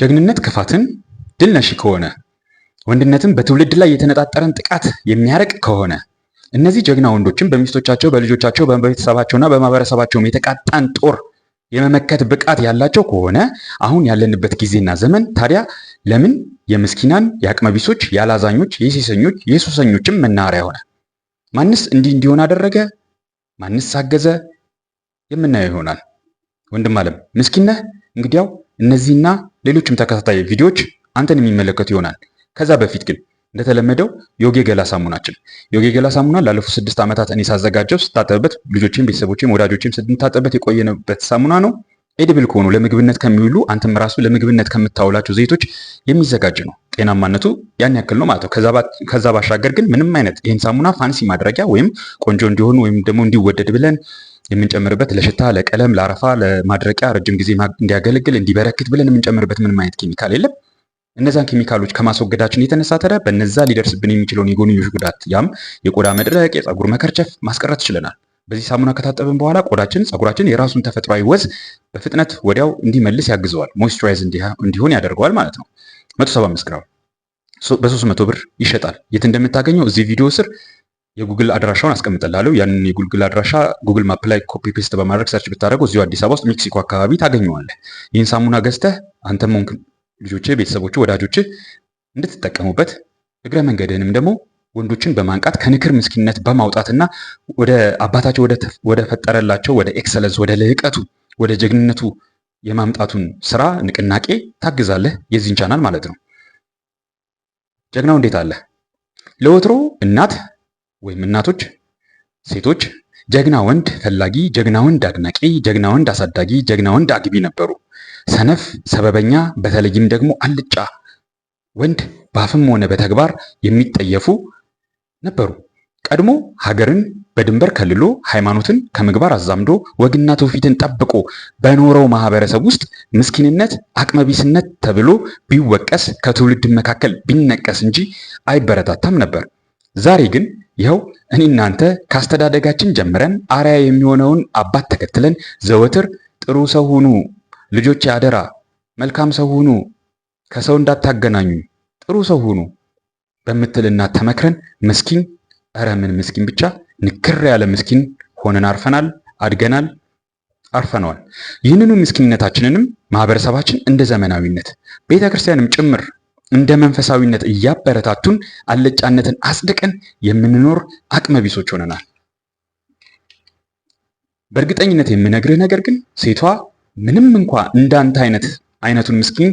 ጀግንነት ክፋትን ድል ነሺ ከሆነ ወንድነትም በትውልድ ላይ የተነጣጠረን ጥቃት የሚያርቅ ከሆነ እነዚህ ጀግና ወንዶችም በሚስቶቻቸው፣ በልጆቻቸው፣ በቤተሰባቸውና በማህበረሰባቸውም የተቃጣን ጦር የመመከት ብቃት ያላቸው ከሆነ አሁን ያለንበት ጊዜና ዘመን ታዲያ ለምን የምስኪናን፣ የአቅመቢሶች፣ የአላዛኞች፣ የሴሰኞች፣ የሱሰኞችም መናኸሪያ ሆነ? ማንስ እንዲህ እንዲሆን አደረገ? ማንስ አገዘ? የምናየው ይሆናል። ወንድም አለም ምስኪን ነህ እንግዲያው እነዚህና ሌሎችም ተከታታይ ቪዲዮዎች አንተን የሚመለከቱ ይሆናል። ከዛ በፊት ግን እንደተለመደው ዮጊ ገላ ሳሙናችን ዮጊ ገላ ሳሙና ላለፉት ስድስት ዓመታት እኔ ሳዘጋጀው ስታጠብበት ልጆቼም ቤተሰቦቼም ወዳጆቼም ስንታጠብበት የቆየንበት ሳሙና ነው። ኤድብል ከሆኑ ለምግብነት ከሚውሉ አንተም ራሱ ለምግብነት ከምታውላቸው ዘይቶች የሚዘጋጅ ነው። ጤናማነቱ ያን ያክል ነው ማለት ነው። ከዛ ባሻገር ግን ምንም አይነት ይህን ሳሙና ፋንሲ ማድረጊያ ወይም ቆንጆ እንዲሆኑ ወይም ደግሞ እንዲወደድ ብለን የምንጨምርበት ለሽታ፣ ለቀለም፣ ለአረፋ፣ ለማድረቂያ ረጅም ጊዜ እንዲያገለግል እንዲበረክት ብለን የምንጨምርበት ምንም አይነት ኬሚካል የለም። እነዛን ኬሚካሎች ከማስወገዳችን የተነሳ በነዛ ሊደርስብን የሚችለውን የጎንዮሽ ጉዳት ያም የቆዳ መድረቅ፣ የፀጉር መከርቸፍ ማስቀረት ችለናል። በዚህ ሳሙና ከታጠብን በኋላ ቆዳችን፣ ፀጉራችን የራሱን ተፈጥሯዊ ወዝ በፍጥነት ወዲያው እንዲመልስ ያግዘዋል። ሞይስቸራይዝ እንዲሆን ያደርገዋል ማለት ነው። 175 ግራም በ300 ብር ይሸጣል። የት እንደምታገኘው እዚህ ቪዲዮ ስር የጉግል አድራሻውን አስቀምጠላለሁ ያንን የጉግል አድራሻ ጉግል ማፕ ላይ ኮፒ ፔስት በማድረግ ሰርች ብታደረጉ እዚሁ አዲስ አበባ ውስጥ ሜክሲኮ አካባቢ ታገኘዋለህ። ይህን ሳሙና ገዝተህ አንተም ሆንክ ልጆች፣ ቤተሰቦች፣ ወዳጆች እንድትጠቀሙበት እግረ መንገድህንም ደግሞ ወንዶችን በማንቃት ከንክር ምስኪንነት በማውጣትና ወደ አባታቸው ወደ ፈጠረላቸው ወደ ኤክሰለንስ፣ ወደ ልህቀቱ፣ ወደ ጀግንነቱ የማምጣቱን ስራ ንቅናቄ ታግዛለህ። የዚህን ቻናል ማለት ነው። ጀግናው እንዴት አለ ለወትሮ እናት ወይም እናቶች፣ ሴቶች ጀግና ወንድ ፈላጊ፣ ጀግና ወንድ አድናቂ፣ ጀግና ወንድ አሳዳጊ፣ ጀግና ወንድ አግቢ ነበሩ። ሰነፍ፣ ሰበበኛ፣ በተለይም ደግሞ አልጫ ወንድ በአፍም ሆነ በተግባር የሚጠየፉ ነበሩ። ቀድሞ ሀገርን በድንበር ከልሎ ሃይማኖትን ከምግባር አዛምዶ ወግና ትውፊትን ጠብቆ በኖረው ማህበረሰብ ውስጥ ምስኪንነት፣ አቅመቢስነት ተብሎ ቢወቀስ ከትውልድ መካከል ቢነቀስ እንጂ አይበረታታም ነበር። ዛሬ ግን ይኸው እኔ እናንተ ካስተዳደጋችን ጀምረን አርያ የሚሆነውን አባት ተከትለን ዘወትር ጥሩ ሰው ሁኑ፣ ልጆች አደራ፣ መልካም ሰው ሁኑ፣ ከሰው እንዳታገናኙ፣ ጥሩ ሰው ሁኑ በምትልና ተመክረን ምስኪን እረ ምን ምስኪን ብቻ ንክር ያለ ምስኪን ሆነን አርፈናል፣ አድገናል፣ አርፈነዋል። ይህንኑ ምስኪንነታችንንም ማህበረሰባችን እንደ ዘመናዊነት ቤተክርስቲያንም ጭምር እንደ መንፈሳዊነት እያበረታቱን አለጫነትን አጽድቀን የምንኖር አቅመቢሶች ሆነናል። በእርግጠኝነት የምነግርህ ነገር ግን ሴቷ ምንም እንኳ እንዳንተ አይነት አይነቱን ምስኪን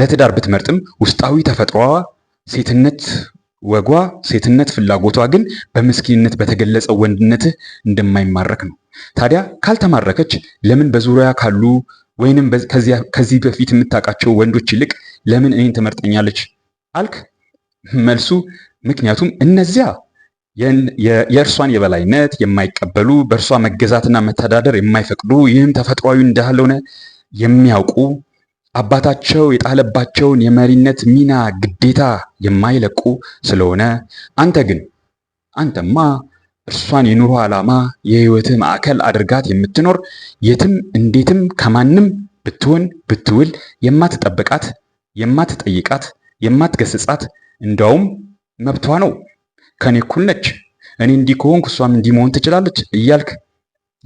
ለትዳር ብትመርጥም ውስጣዊ ተፈጥሯዋ ሴትነት ወጓ ሴትነት ፍላጎቷ ግን በምስኪንነት በተገለጸ ወንድነትህ እንደማይማረክ ነው። ታዲያ ካልተማረከች ለምን በዙሪያ ካሉ ወይንም ከዚህ በፊት የምታውቃቸው ወንዶች ይልቅ ለምን እኔን ትመርጠኛለች አልክ? መልሱ ምክንያቱም እነዚያ የእርሷን የበላይነት የማይቀበሉ በእርሷ መገዛትና መተዳደር የማይፈቅዱ ይህም ተፈጥሯዊ እንዳልሆነ የሚያውቁ አባታቸው የጣለባቸውን የመሪነት ሚና ግዴታ የማይለቁ ስለሆነ አንተ ግን አንተማ እርሷን የኑሮ ዓላማ የህይወትህ ማዕከል አድርጋት የምትኖር የትም እንዴትም ከማንም ብትሆን ብትውል የማትጠብቃት፣ የማትጠይቃት፣ የማትገስጻት እንዳውም መብቷ ነው ከኔ እኩል ነች እኔ እንዲህ ከሆንኩ እሷም እንዲህ መሆን ትችላለች እያልክ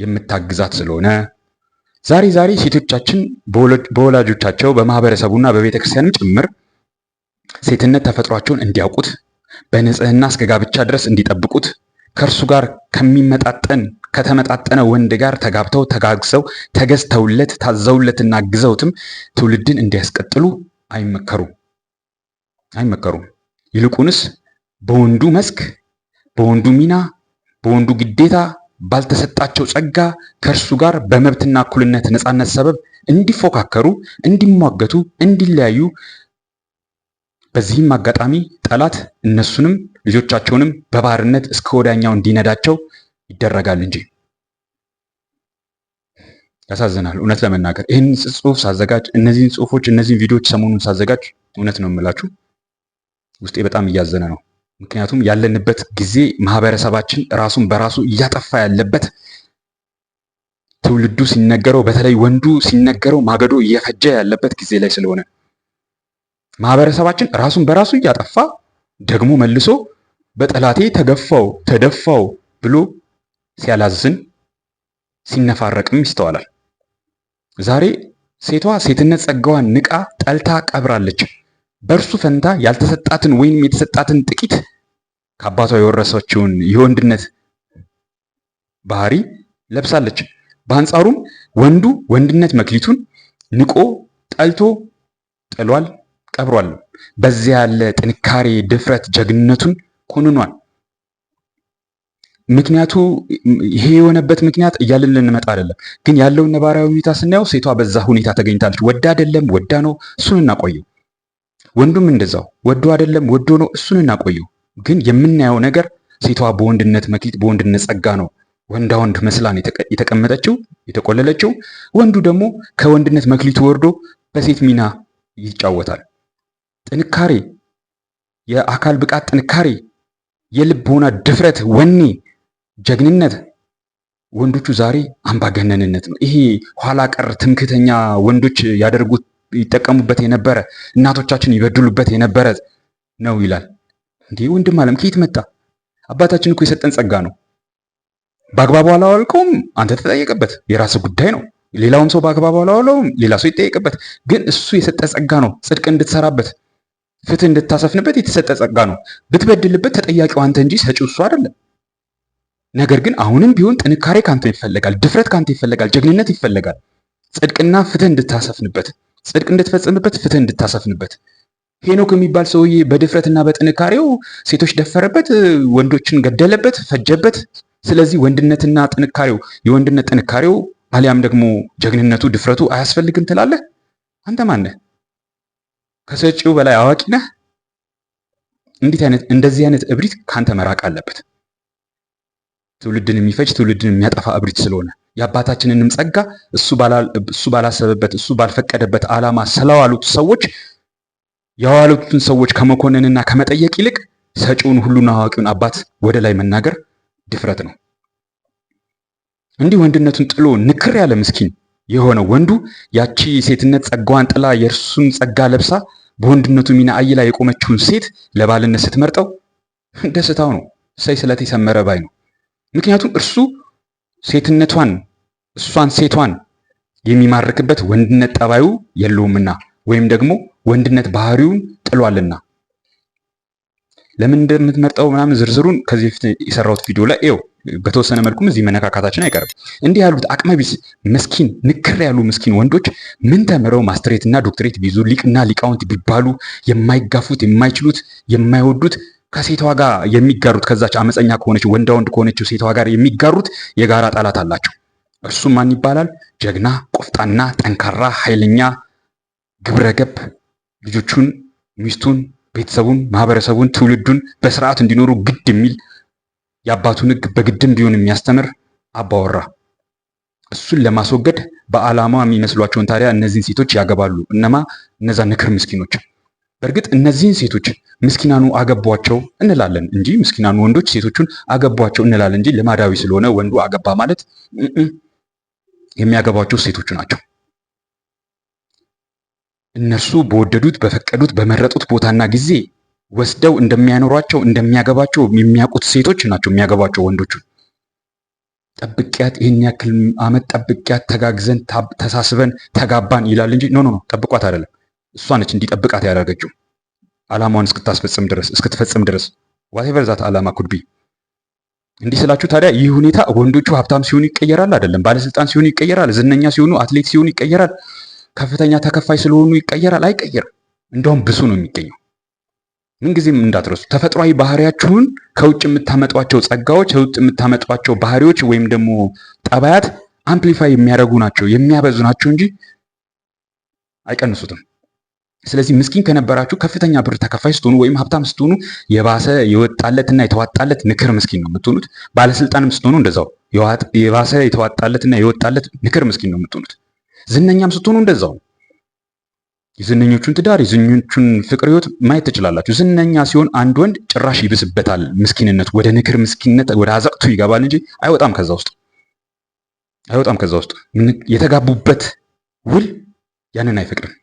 የምታግዛት ስለሆነ ዛሬ ዛሬ ሴቶቻችን በወላጆቻቸው በማህበረሰቡና በቤተ ክርስቲያንም ጭምር ሴትነት ተፈጥሯቸውን እንዲያውቁት በንጽህና እስከ ጋብቻ ድረስ እንዲጠብቁት ከእርሱ ጋር ከሚመጣጠን ከተመጣጠነ ወንድ ጋር ተጋብተው ተጋግሰው ተገዝተውለት ታዘውለትና ግዘውትም ትውልድን እንዲያስቀጥሉ አይመከሩ አይመከሩም። ይልቁንስ በወንዱ መስክ፣ በወንዱ ሚና፣ በወንዱ ግዴታ ባልተሰጣቸው ጸጋ ከእርሱ ጋር በመብትና እኩልነት ነፃነት ሰበብ እንዲፎካከሩ፣ እንዲሟገቱ፣ እንዲለያዩ በዚህም አጋጣሚ ጠላት እነሱንም ልጆቻቸውንም በባርነት እስከ ወዳኛው እንዲነዳቸው ይደረጋል እንጂ። ያሳዝናል። እውነት ለመናገር ይህን ጽሁፍ ሳዘጋጅ፣ እነዚህን ጽሁፎች፣ እነዚህን ቪዲዮዎች ሰሞኑን ሳዘጋጅ፣ እውነት ነው የምላችሁ ውስጤ በጣም እያዘነ ነው። ምክንያቱም ያለንበት ጊዜ ማህበረሰባችን ራሱን በራሱ እያጠፋ ያለበት ትውልዱ ሲነገረው በተለይ ወንዱ ሲነገረው ማገዶ እየፈጀ ያለበት ጊዜ ላይ ስለሆነ ማህበረሰባችን ራሱን በራሱ እያጠፋ ደግሞ መልሶ በጠላቴ ተገፋው ተደፋው ብሎ ሲያላዝን ሲነፋረቅም ይስተዋላል። ዛሬ ሴቷ ሴትነት ጸጋዋን ንቃ ጠልታ ቀብራለች። በእርሱ ፈንታ ያልተሰጣትን ወይም የተሰጣትን ጥቂት ከአባቷ የወረሰችውን የወንድነት ባህሪ ለብሳለች። በአንጻሩም ወንዱ ወንድነት መክሊቱን ንቆ ጠልቶ ጥሏል፣ ቀብሯል። በዚያ ያለ ጥንካሬ፣ ድፍረት፣ ጀግንነቱን ኮንኗል። ምክንያቱ ይሄ የሆነበት ምክንያት እያልን ልንመጣ አይደለም፣ ግን ያለውን ነባራዊ ሁኔታ ስናየው ሴቷ በዛ ሁኔታ ተገኝታለች። ወዳ አይደለም ወዳ ነው፣ እሱን እናቆየው። ወንዱም እንደዛው ወዶ አይደለም ወዶ ነው፣ እሱን እናቆየው። ግን የምናየው ነገር ሴቷ በወንድነት መክሊት በወንድነት ጸጋ ነው ወንዳ ወንድ መስላን የተቀመጠችው የተቆለለችው። ወንዱ ደግሞ ከወንድነት መክሊቱ ወርዶ በሴት ሚና ይጫወታል። ጥንካሬ፣ የአካል ብቃት ጥንካሬ፣ የልቦና ድፍረት፣ ወኔ፣ ጀግንነት ወንዶቹ ዛሬ አምባገነንነት ነው። ይሄ ኋላ ቀር ትምክተኛ ወንዶች ያደርጉት ይጠቀሙበት የነበረ እናቶቻችን ይበድሉበት የነበረ ነው ይላል። እንዴ ወንድም አለም ከየት መጣ? አባታችን እኮ የሰጠን ጸጋ ነው። በአግባቡ አላዋልከውም፣ አንተ ተጠየቅበት፣ የራስ ጉዳይ ነው። ሌላውም ሰው በአግባቡ አላዋለውም፣ ሌላ ሰው ይጠየቅበት። ግን እሱ የሰጠ ጸጋ ነው፣ ጽድቅ እንድትሰራበት ፍትህ እንድታሰፍንበት የተሰጠ ጸጋ ነው። ብትበድልበት ተጠያቂው አንተ እንጂ ሰጪው እሱ አይደለም። ነገር ግን አሁንም ቢሆን ጥንካሬ ካንተ ይፈለጋል፣ ድፍረት ካንተ ይፈለጋል፣ ጀግንነት ይፈለጋል። ጽድቅና ፍትህ እንድታሰፍንበት፣ ጽድቅ እንድትፈጽምበት፣ ፍትህ እንድታሰፍንበት። ሄኖክ የሚባል ሰውዬ በድፍረትና በጥንካሬው ሴቶች ደፈረበት፣ ወንዶችን ገደለበት፣ ፈጀበት። ስለዚህ ወንድነትና ጥንካሬው የወንድነት ጥንካሬው አሊያም ደግሞ ጀግንነቱ ድፍረቱ አያስፈልግም ትላለህ? አንተ ማነህ? ከሰጪው በላይ አዋቂ ነህ። እንዴት አይነት እንደዚህ አይነት እብሪት ካንተ መራቅ አለበት። ትውልድን የሚፈጅ ትውልድን የሚያጠፋ እብሪት ስለሆነ የአባታችንንም ጸጋ እሱ ባላሰበበት እሱ ባልፈቀደበት ዓላማ ስለዋሉት ሰዎች የዋሉትን ሰዎች ከመኮንንና ከመጠየቅ ይልቅ ሰጪውን ሁሉን አዋቂውን አባት ወደ ላይ መናገር ድፍረት ነው። እንዲህ ወንድነቱን ጥሎ ንክር ያለ ምስኪን የሆነው ወንዱ ያቺ ሴትነት ጸጋዋን ጥላ የእርሱን ጸጋ ለብሳ በወንድነቱ ሚና አይላ የቆመችውን ሴት ለባልነት ስትመርጠው ደስታው ነው። እሰይ ስለት የሰመረ ባይ ነው። ምክንያቱም እርሱ ሴትነቷን እሷን ሴቷን የሚማርክበት ወንድነት ጠባዩ የለውምና ወይም ደግሞ ወንድነት ባህሪውን ጥሏልና። ለምን እንደምትመርጠው ምናምን ዝርዝሩን ከዚህ በፊት የሰራሁት ቪዲዮ ላይ ይኸው በተወሰነ መልኩም እዚህ መነካካታችን አይቀርም። እንዲህ ያሉት አቅመቢስ ምስኪን ንክር ያሉ ምስኪን ወንዶች ምን ተምረው እና ዶክትሬት ቢይዙ ሊቅና ሊቃውንት ቢባሉ የማይጋፉት የማይችሉት የማይወዱት ከሴቷ ጋር የሚጋሩት ከዛች አመፀኛ ከሆነች ወንዳ ወንድ ከሆነችው ሴቷ ጋር የሚጋሩት የጋራ ጠላት አላቸው። እርሱም ማን ይባላል? ጀግና፣ ቆፍጣና፣ ጠንካራ፣ ኃይለኛ፣ ግብረገብ ልጆቹን፣ ሚስቱን፣ ቤተሰቡን፣ ማህበረሰቡን፣ ትውልዱን በስርዓት እንዲኖሩ ግድ የሚል የአባቱን ሕግ በግድም ቢሆን የሚያስተምር አባወራ። እሱን ለማስወገድ በዓላማ የሚመስሏቸውን ታዲያ እነዚህን ሴቶች ያገባሉ። እነማ? እነዛ ንክር ምስኪኖች። በእርግጥ እነዚህን ሴቶች ምስኪናኑ አገቧቸው እንላለን እንጂ ምስኪናኑ ወንዶች ሴቶቹን አገቧቸው እንላለን እንጂ ልማዳዊ ስለሆነ ወንዱ አገባ ማለት የሚያገባቸው ሴቶቹ ናቸው። እነርሱ በወደዱት በፈቀዱት በመረጡት ቦታና ጊዜ ወስደው እንደሚያኖሯቸው እንደሚያገባቸው የሚያውቁት ሴቶች ናቸው የሚያገባቸው ወንዶቹ። ጠብቂያት፣ ይህን ያክል አመት ጠብቂያት፣ ተጋግዘን ተሳስበን ተጋባን ይላል እንጂ ኖ ኖ ኖ ጠብቋት አይደለም። እሷ ነች እንዲጠብቃት ያደረገችው አላማዋን እስክታስፈጽም ድረስ እስክትፈጽም ድረስ ዋቴቨር ዛት አላማ ኩድቢ እንዲህ ስላችሁ ታዲያ ይህ ሁኔታ ወንዶቹ ሀብታም ሲሆኑ ይቀየራል አይደለም። ባለስልጣን ሲሆኑ ይቀየራል። ዝነኛ ሲሆኑ፣ አትሌት ሲሆኑ ይቀየራል። ከፍተኛ ተከፋይ ስለሆኑ ይቀየራል። አይቀየርም። እንደውም ብሱ ነው የሚገኘው። ምንጊዜም እንዳትረሱ ተፈጥሯዊ ባህሪያችሁን ከውጭ የምታመጧቸው ጸጋዎች፣ ከውጭ የምታመጧቸው ባህሪዎች ወይም ደግሞ ጠባያት አምፕሊፋይ የሚያደርጉ ናቸው የሚያበዙ ናቸው እንጂ አይቀንሱትም። ስለዚህ ምስኪን ከነበራችሁ ከፍተኛ ብር ተከፋይ ስትሆኑ ወይም ሀብታም ስትሆኑ የባሰ የወጣለትና የተዋጣለት ንክር ምስኪን ነው የምትሆኑት። ባለስልጣንም ስትሆኑ እንደዛው የባሰ የተዋጣለትና የወጣለት ንክር ምስኪን ነው የምትሆኑት። ዝነኛም ስትሆኑ እንደዛው የዝነኞቹን ትዳር የዝነኞቹን ፍቅር ህይወት ማየት ትችላላችሁ። ዝነኛ ሲሆን አንድ ወንድ ጭራሽ ይብስበታል ምስኪንነት፣ ወደ ንክር ምስኪንነት፣ ወደ አዘቅቱ ይገባል እንጂ አይወጣም ከዛ ውስጥ አይወጣም ከዛ ውስጥ። የተጋቡበት ውል ያንን አይፈቅድም።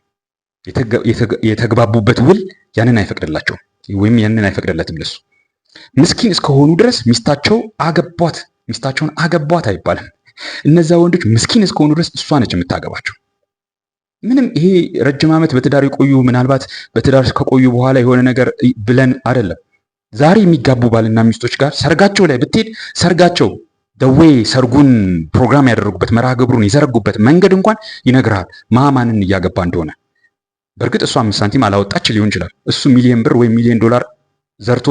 የተግባቡበት ውል ያንን አይፈቅድላቸውም ወይም ያንን አይፈቅድለትም ለሱ። ምስኪን እስከሆኑ ድረስ ሚስታቸው አገቧት ሚስታቸውን አገቧት አይባልም። እነዚያ ወንዶች ምስኪን እስከሆኑ ድረስ እሷ ነች የምታገባቸው። ምንም ይሄ ረጅም ዓመት በትዳር የቆዩ ምናልባት በትዳር ከቆዩ በኋላ የሆነ ነገር ብለን አይደለም። ዛሬ የሚጋቡ ባልና ሚስቶች ጋር ሰርጋቸው ላይ ብትሄድ ሰርጋቸው ደዌ ሰርጉን ፕሮግራም ያደረጉበት መርሃ ግብሩን የዘረጉበት መንገድ እንኳን ይነግራል ማማንን እያገባ እንደሆነ። በእርግጥ እሷ አምስት ሳንቲም አላወጣች ሊሆን ይችላል። እሱ ሚሊዮን ብር ወይም ሚሊዮን ዶላር ዘርቶ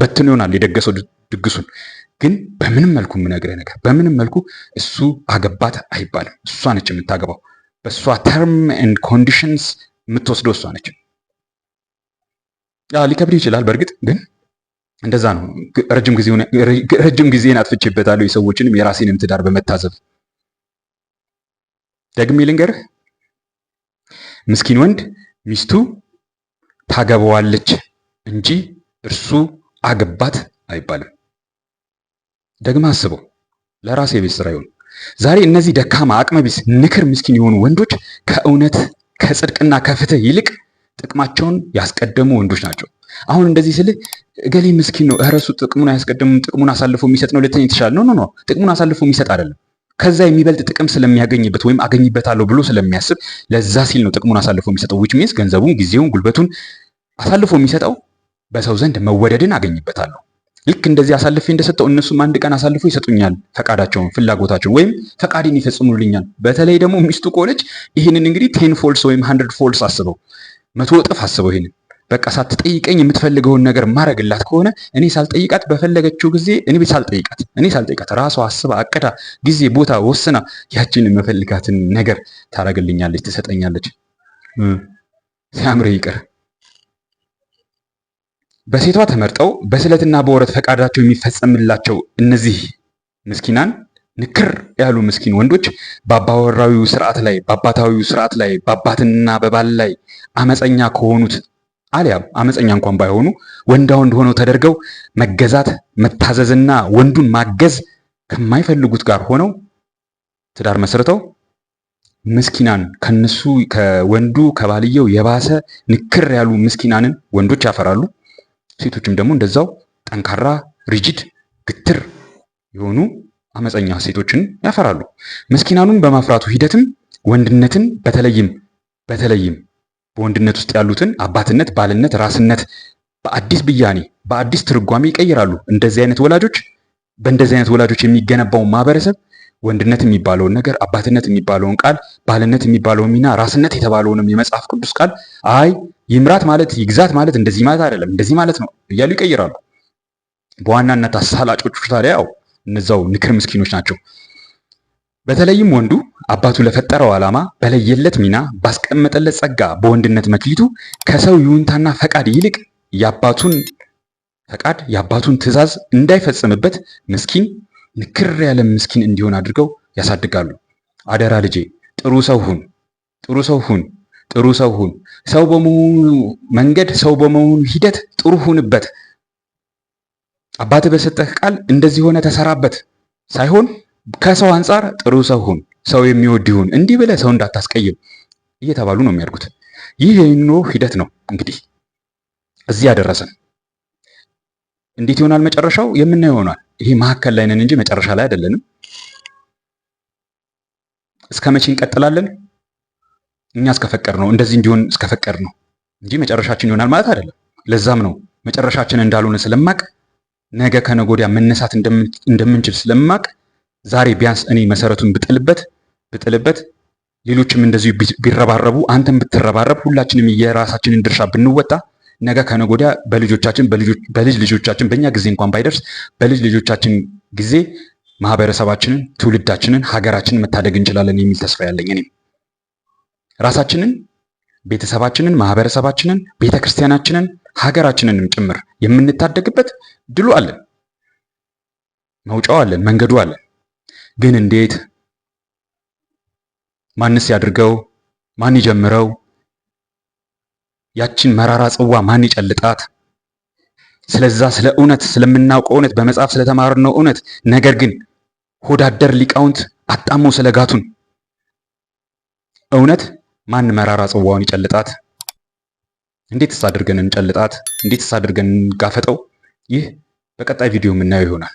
በትን ይሆናል የደገሰው ድግሱን። ግን በምንም መልኩ የምነግርህ ነገር በምንም መልኩ እሱ አገባት አይባልም። እሷ ነች የምታገባው። በእሷ ተርም ኤንድ ኮንዲሽንስ የምትወስደው እሷ ነች። ሊከብድ ይችላል በእርግጥ ግን እንደዛ ነው። ረጅም ጊዜን አጥፍቼበታለሁ የሰዎችንም የራሴንም ትዳር በመታዘብ ደግሜ ልንገርህ፣ ምስኪን ወንድ ሚስቱ ታገባዋለች እንጂ እርሱ አገባት አይባልም። ደግማ አስበው። ለራሴ የቤት ስራ ይሆን ዛሬ እነዚህ ደካማ አቅመቢስ ንክር ምስኪን የሆኑ ወንዶች ከእውነት ከጽድቅና ከፍትህ ይልቅ ጥቅማቸውን ያስቀደሙ ወንዶች ናቸው። አሁን እንደዚህ ስል እገሌ ምስኪን ነው እረሱ ጥቅሙን አያስቀደምም ጥቅሙን አሳልፎ የሚሰጥ ነው ልትኝ የተሻለ ኖ ነው። ጥቅሙን አሳልፎ የሚሰጥ አይደለም። ከዛ የሚበልጥ ጥቅም ስለሚያገኝበት ወይም አገኝበታለሁ ብሎ ስለሚያስብ ለዛ ሲል ነው ጥቅሙን አሳልፎ የሚሰጠው። ዊች ሚንስ ገንዘቡን፣ ጊዜውን፣ ጉልበቱን አሳልፎ የሚሰጠው በሰው ዘንድ መወደድን አገኝበታለሁ ልክ እንደዚህ አሳልፌ እንደሰጠው እነሱም አንድ ቀን አሳልፎ ይሰጡኛል፣ ፈቃዳቸውን፣ ፍላጎታቸውን ወይም ፈቃድን ይፈጽሙልኛል። በተለይ ደግሞ ሚስቱ ከሆነች ይህንን እንግዲህ ቴን ፎልስ ወይም ሀንድርድ ፎልስ አስበው፣ መቶ እጥፍ አስበው። ይህንን በቃ ሳትጠይቀኝ የምትፈልገውን ነገር ማረግላት ከሆነ እኔ ሳልጠይቃት በፈለገችው ጊዜ እኔ ሳልጠይቃት እኔ ሳልጠይቃት ራሷ አስባ አቅዳ ጊዜ ቦታ ወስና ያችን የምፈልጋትን ነገር ታደርግልኛለች፣ ትሰጠኛለች። ሲያምር ይቅር በሴቷ ተመርጠው በስለትና በወረት ፈቃዳቸው የሚፈጸምላቸው እነዚህ ምስኪናን ንክር ያሉ ምስኪን ወንዶች በአባወራዊ ስርዓት ላይ በአባታዊው ስርዓት ላይ በአባትና በባል ላይ አመፀኛ ከሆኑት አሊያም አመፀኛ እንኳን ባይሆኑ ወንዳ ወንድ ሆነው ተደርገው መገዛት መታዘዝና ወንዱን ማገዝ ከማይፈልጉት ጋር ሆነው ትዳር መስርተው ምስኪናን ከነሱ ከወንዱ ከባልየው የባሰ ንክር ያሉ ምስኪናንን ወንዶች ያፈራሉ። ሴቶችም ደግሞ እንደዛው ጠንካራ ሪጅድ ግትር የሆኑ አመፀኛ ሴቶችን ያፈራሉ። ምስኪናኑን በማፍራቱ ሂደትም ወንድነትን በተለይም በተለይም በወንድነት ውስጥ ያሉትን አባትነት፣ ባልነት፣ ራስነት በአዲስ ብያኔ በአዲስ ትርጓሜ ይቀይራሉ። እንደዚህ አይነት ወላጆች በእንደዚህ አይነት ወላጆች የሚገነባውን ማህበረሰብ ወንድነት የሚባለውን ነገር አባትነት የሚባለውን ቃል ባልነት የሚባለውን ሚና ራስነት የተባለውንም የመጽሐፍ ቅዱስ ቃል አይ ይምራት ማለት ይግዛት ማለት እንደዚህ ማለት አይደለም እንደዚህ ማለት ነው እያሉ ይቀይራሉ። በዋናነት አሳላጮቹ ታዲያ ያው እነዛው ንክር ምስኪኖች ናቸው። በተለይም ወንዱ አባቱ ለፈጠረው ዓላማ በለየለት ሚና ባስቀመጠለት ጸጋ በወንድነት መክሊቱ ከሰው ይሁንታና ፈቃድ ይልቅ የአባቱን ፈቃድ የአባቱን ትእዛዝ እንዳይፈጽምበት ምስኪን ንክር ያለ ምስኪን እንዲሆን አድርገው ያሳድጋሉ። አደራ ልጄ ጥሩ ሰው ሁን፣ ጥሩ ሰው ሁን፣ ጥሩ ሰው ሁን። ሰው በመሆኑ መንገድ፣ ሰው በመሆኑ ሂደት ጥሩ ሁንበት። አባት በሰጠህ ቃል እንደዚህ ሆነ ተሰራበት ሳይሆን ከሰው አንጻር ጥሩ ሰው ሁን፣ ሰው የሚወድ ይሁን፣ እንዲህ ብለህ ሰው እንዳታስቀይም እየተባሉ ነው የሚያድጉት። ይህ የኑሮ ሂደት ነው እንግዲህ እዚህ ያደረሰን። እንዴት ይሆናል መጨረሻው የምናየው ይሆናል። ይሄ መሀከል ላይ ነን እንጂ መጨረሻ ላይ አይደለንም። እስከ መቼ እንቀጥላለን? እኛ እስከፈቀድ ነው እንደዚህ እንዲሆን እስከፈቀድ ነው እንጂ መጨረሻችን ይሆናል ማለት አይደለም። ለዛም ነው መጨረሻችን እንዳልሆነ ስለማቅ ነገ ከነጎዲያ መነሳት እንደምንችል ስለማቅ ዛሬ ቢያንስ እኔ መሰረቱን ብጥልበት ብጥልበት ሌሎችም እንደዚሁ ቢረባረቡ አንተም ብትረባረብ ሁላችንም የራሳችንን ድርሻ ብንወጣ ነገ ከነጎዳ በልጆቻችን በልጅ ልጆቻችን በእኛ ጊዜ እንኳን ባይደርስ በልጅ ልጆቻችን ጊዜ ማህበረሰባችንን፣ ትውልዳችንን፣ ሀገራችንን መታደግ እንችላለን የሚል ተስፋ ያለኝ እኔም ራሳችንን፣ ቤተሰባችንን፣ ማህበረሰባችንን፣ ቤተክርስቲያናችንን፣ ሀገራችንንም ጭምር የምንታደግበት ድሉ አለን፣ መውጫው አለን፣ መንገዱ አለን። ግን እንዴት? ማንስ ያድርገው? ማን ይጀምረው? ያችን መራራ ጽዋ ማን ይጨልጣት? ስለዛ ስለ እውነት ስለምናውቀው እውነት በመጽሐፍ ስለተማርነው እውነት ነገር ግን ሆዳደር ሊቃውንት አጣሞ ስለጋቱን እውነት ማን መራራ ጽዋውን ይጨልጣት? እንዴትስ አድርገን እንጨልጣት? እንዴትስ አድርገን እንጋፈጠው? ይህ በቀጣይ ቪዲዮ የምናየው ይሆናል።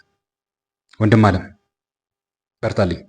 ወንድም አለም በርታልኝ።